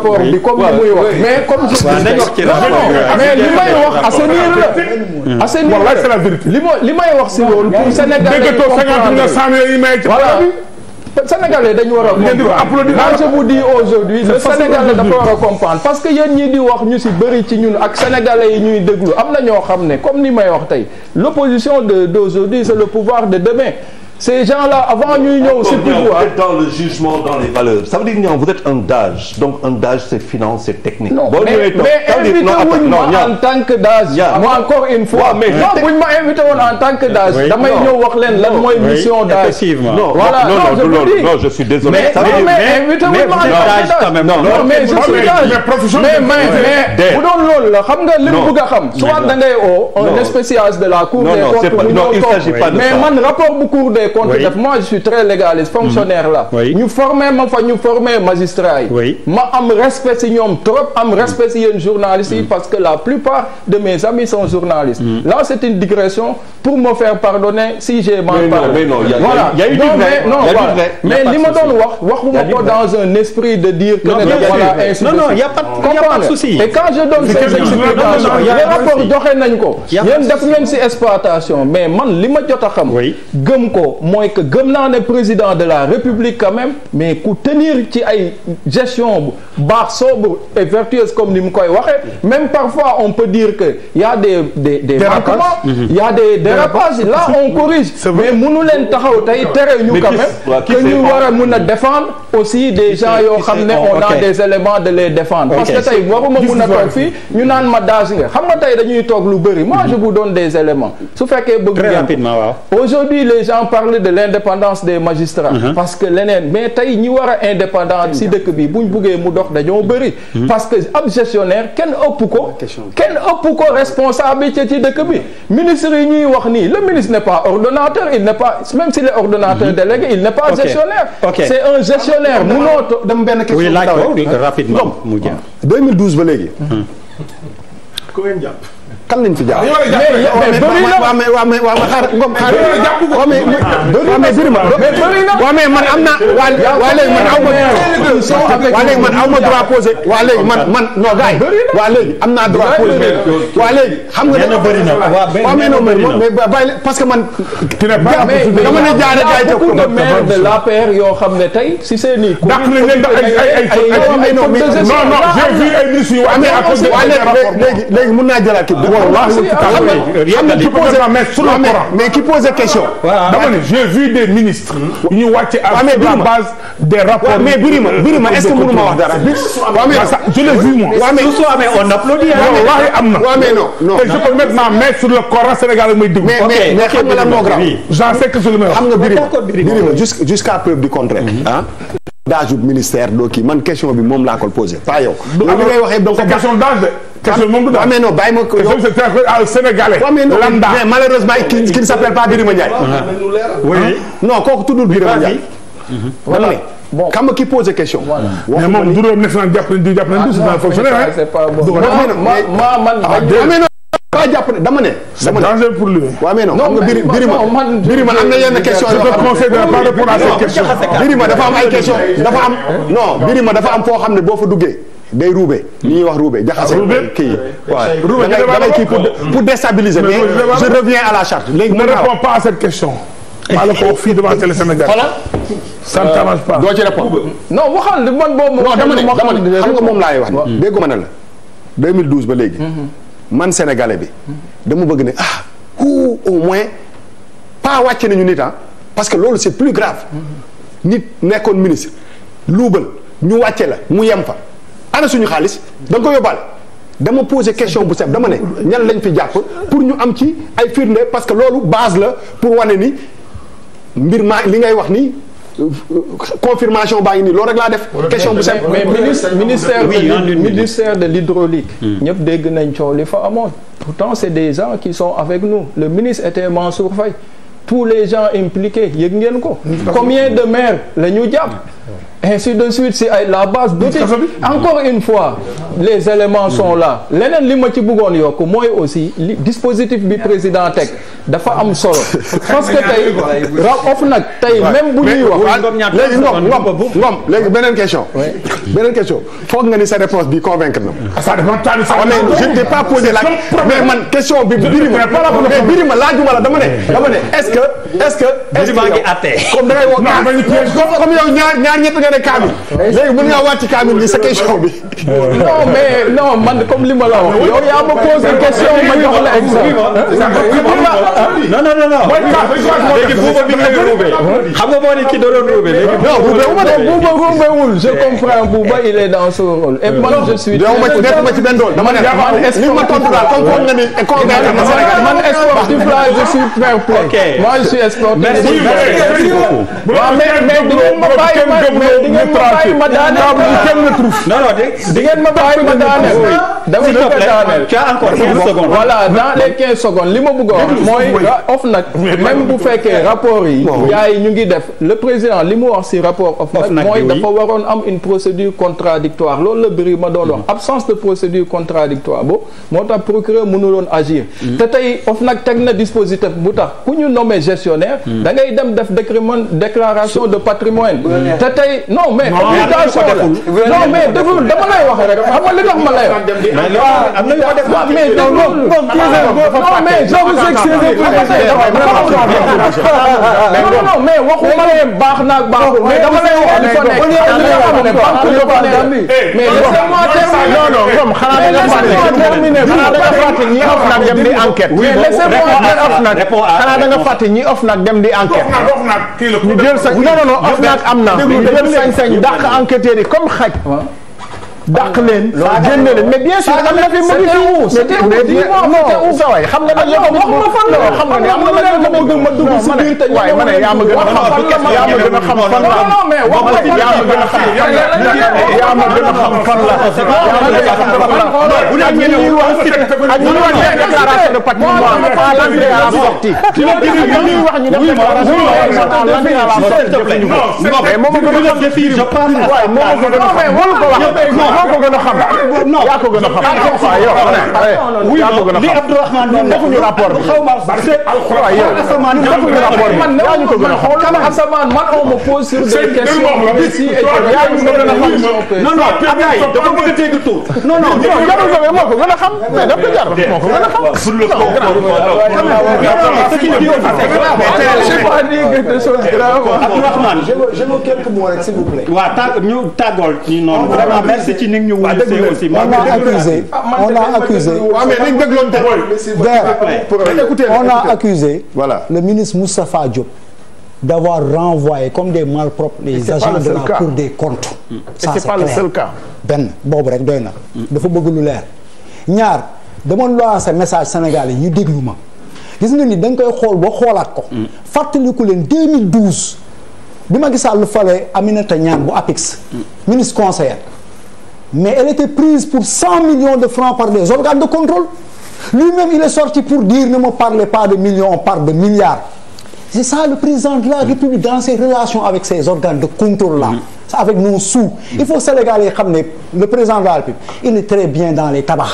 rapport bi comme ni muy wax mais comme je mais li may li ma li may wax si loolu pour Sénégal déggatoo cinquante mille yi may war a comprendre parce que yéen ñi di wax ñu si bëri ci ñun ak Sénégalais yi ñuy déglu am na ñoo xam ne comme ni may wax tey l'opposition de d'aujourd'hui c'est le pouvoir de demain ces gens-là avant ñuy ñëw c'est plus vous dans le jugement dans les valeurs ça veut DAGE donc un DAGE c'est finance technique mais invité wuñ ma mais en tant que DAGE damay ñëw wax leen lan DAGE non je suis désolé mais invité wuñ ma en tant que mais je suis DAGE mais mais bu doon loolu la xam nga li mu bëgg a xam soit da ngay oo un spécialiste de la cour des comptes mais man rapport bu cour des voté contre def moi je suis très légaliste fonctionnaire la ñu formé ma fa ñu formé magistrat yi ma am respect si ñoom trop am respect si yéen journalistes mm. parce que la plupart de mes amis sont journalistes mm. là c'est une digression pour me faire pardonner si j'ai mal parlé voilà non mais non voilà mais li ma doon wax dans un esprit de dire que voilà ainsi a pas de et quand je donne ces explications les rapports joxe nañ ko yéen def ngeen si exploitation mais man li ma jot ko mooy que gëm naa ne président de la république quand même mais ku tenir ci ay gestion bu baax sobre et vertueuse comme ni mu koy waxee même parfois on peut dire que y a des des des manquements y a des dérapages là on corrige mais mënu leen taxaw tey tere ñu quand même que ñu war a mun a mm-hmm. défendre aussi des gens yoo xam ne oh, on a des éléments de les défendre parce que tey waruma mun a toog fii ñu naan ma daas nga xam nga tey dañuy toog lu bëri moi mm-hmm. je vous donne su fekkee parle de l'indépendance des magistrats uh-huh. parce que leneen mais tey ñi war a indépendant si dëkk bi buñ buggee mu dox dañoo bëri uh-huh. parce que ab gestionnaire kenn ëpp ko kenn ëpp ko responsabilité ci dëkk bi ministre yi ñuy wax nii le ministre n'est pas ordonnateur il n'est pas même s'il est ordonnateur uh-huh. délégué il n'est pas gestionnaire c'est un gestionnaire ah, munoo dem benn question rapidement mu jeex 2012 ba léegi ku kan lañ fi jaar. mais waa mais waa ma xaar Ngom xaar. waa mais waa mais man am naa. waa léegi man aw ma. waa léegi man aw ma droit posé. waa léegi man man non gars yi. waa léegi am naa droit waa léegi xam nga. nee na bëri na waaw mais yoo xam ne tey si seen i. dàq nañ mun naa jëlaat non wax nga ci mais sur le Coran mais qui pose question. dama ne j'ai vu des ministres. ñu wàcc à la base des rapports. mais Birima Birima est-ce que mënu ma wax dara. je l'ai vu moi. mais su amee on applaudit. wax am na. mais non non te je peux mettre ma main sur le Coran Sénégal may déglu. mais mais xam nga lan moo grave. j'en sais que su lu may wax. xam nga Birima Birima jusqu'à preuve du contraire. d'âge ministère doo kii man question bi moom laa ko posé. pas yow yow li ngay waxee donc. question d'âge de. moom du daal mais non bàyyi ma ko. question c'est un euh, sénégalais. lambda mais malheureusement qui qui ne s'appelle pas Birima Ndiaye. Ah. oui non kooku tuddul Birima Ndiaye. voilà bon xam nga ki posé question. voilà mais moom du doon nekk naan jàpp nañ di jàpp nañ. ah non c'est pas bon. kaa jàpp ne dama ne. dama ne c'est dangereux pour lui. waaw mais non Birima Birima am question yoo xam ne je te Birima dafa am ay questions dafa am xam ne boo fa duggee. day ruube li ñuy wax ruube jaxase kii waaw ruube da ngay kii pour déstabiliser mais je reviens à la charte léegi ne réponds pas à cette question fii devant Télé Sénégal voilà ça ne euh, t'arrange pas doo ci répondre non waxal man boobu non dama ne dama ne xam nga wax ne dégguma ne la 2012 man sénégalais bi dama bëgg ni ah ou au moins pas wàcce nañu nit ah parce que loolu c'est plus grave nit nekkoon ministre luubal ñu wàcce la mu yem fa ana suñu xaalis da ko yóbbaale dama poser question bu set dama ne ñan lañ fi jàpp pour ñu am ci ay firnde parce que loolu base la pour wane ni mbir maa li ngay wax nii confirmation baa ngi nii loolu rek laa def. question bu simple. mais ministère de ministère de l'hydraulique hmm. ñëpp dégg nañ coow li fa amoon. pourtant c'est des gens qui sont avec nous le ministre était Mansour tous les gens impliqués yëg ngeen ko. combien de maires la ñu jàpp. ainsi de suite si ay la base boutique encore une fois les éléments sont là leneen li ma ci bëggoon yokk mooy aussi li dispositif bi président teg dafa am solo parce que tey ra of nag tey même bu ñuy wax ngom ngom ngom léegi beneen nga ni sa réponse bi convaincre na ma ah, ah, je t'ai pas posé la mais man question bi birima mais la dama ne dama ne que est-ce que. est-ce que comme da ngay wax comme yow ñaar ñaar ñett nga ne kaamil. léegi mën ngaa wàcc kaamil bi sa question bi. non man comme li la wax. yaa ma posé question ma non non non. léegi buuba bi ngay buuba wu ma de buuba buuba il est dans son man je suis. dama ci benn dool man est-ce que ma tontu daal comme moi je ma bàyyi ma di ngeen ma ma daaneel. ma bàyyi ma s'il te plaît tu as encore li ma bëggoon mooy euh, OFNAC même bu fekkee rapport yi. yaay ñu ngi def le président li mu wax si rapport OFNAC mooy dafa waroon am une procédure contradictoire loolu la bëri ma doon wax mm-hmm. absence de procédure contradictoire boobu moo tax procureur mënuloon agir. Mm-hmm. te tey nag teg na dispositif bu tax ku ñu nome gestionnaire. Mm-hmm. da ngay dem def décrément déclaration de patrimoine te tey non mais. obligation la non mais déglu dama lay wax rek xam nga li tax ma lay Ah, am na yoo def mais non non non mais non mais waxuma leen baax na baaxul mais dama lay wax li fa nekk mais laissez-moi terminer non non comme xanaa da nga fàtte ñi OFNAC dem di enquête xanaa da nga fàtte ñi OFNAC dem di enquête ñu jël sa non non OFNAC am na ñu jël sañ-sañ dàq enquêteurs yi comme xaj dàq leen. génn leen mais bien sûr am na fi mu ngi fi. c'était où sa waay xam nga nag yow xam nga ne am na leneen ma bëgg ma dugg si biir te ñu. waaye ma ne yaa ma gën a xam yaa ma gën a xam fan la yaa ma gën a xam fan la ak ñuy wax ak ñuy wax déclaration de patrimoine à l'entrée à la sortie. ñuy wax ñu def déclaration à l'entrée à la sortie. non mais moom a gën a xam. je pense waaye moom a gën a xam. yaa ko gën a xam. non yaa ko gën a xam. li Abdourahmane ñun defuñu rapport bi. waaw yow defuñu rapport bi. yaa ñu ko gën a xam. man asamaan man on me pose sur des questions. yaa ñu ko gën a xam. non non Abdoulaye dafa bëgg a dégg tur. non non jarul ko moo ko gën a xam. mais daf ko jar moo ko gën a xam. pour le coup non non non non ni ñu a accusé on a accusé. Ah, on a accusé. voilà le ministre Moustapha Diop. d'avoir renvoyé comme des malpropres les agents le de des comptes. Mmh. ça c'est pas clair. le seul cas. benn boobu rek doy na. dafa bëgg lu leer. ñaar dama lancer message sénégalais ñu déglu ma gis nga ni da koy xool ba xoolaat ko. Mm. fàttaliku leen 2012 bi ma gisaal lu fale Aminata Niane bu APIX. Mm. ministre conseiller. mais elle était prise pour 100 millions de francs par des organes de contrôle lui-même il est sorti pour dire ne me parlez pas de millions on parle de milliards c'est le président de la République dans ses relations avec ces organes de contrôle avec nos sous il faut Sénégal yi xam ne le président de la République il est très bien dans les tabacs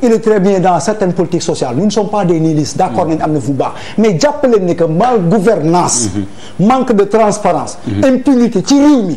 il est très bien dans certaines politiques sociales nous ne sommes pas des nihilistes d'accord nañ am na fu baax mais jàpp leen ne de transparence impunité ci réew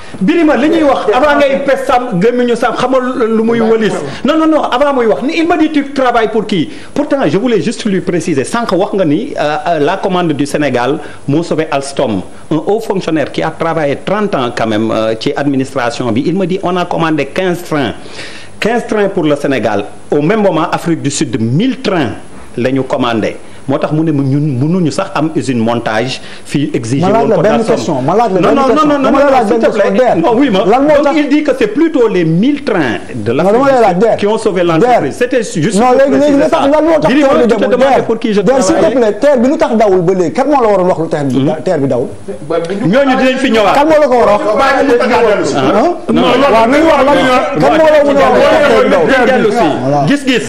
birima li ñuy wax avant ngay pes sam gémmiñu sam xamal lu muy wëlis non non non avant muy wax ni il m'a dit tu travailles pour qui pourtant je voulais juste lui préciser sànq wax nga ni euh, euh, la commande du Sénégal moo sauvé Alstom un haut fonctionnaire qui a travaillé 30 ans quand même euh, ci administration bi il m'a di on a commandé 15 trains 15 trains pour le Sénégal au même moment Afrique du Sud 1000 trains la ñu commandé moo tax mu ne ñun mënuñu sax am usine montage fii exiger woon ko benn ma laaj la benn question non non non s'il te il dit que c'est plutôt les 1000 trains de ah, l'Afrique qui ont sauvé l'entreprise c'était juste non léegi léegi la sax lan moo tax teer bi demul pour qui je travaille s'il lu wax lu teer bi teer bi dawul ñooñu dinañ fi ñëwaat kan la ko war a wax ah? non la mën a wax gis-gis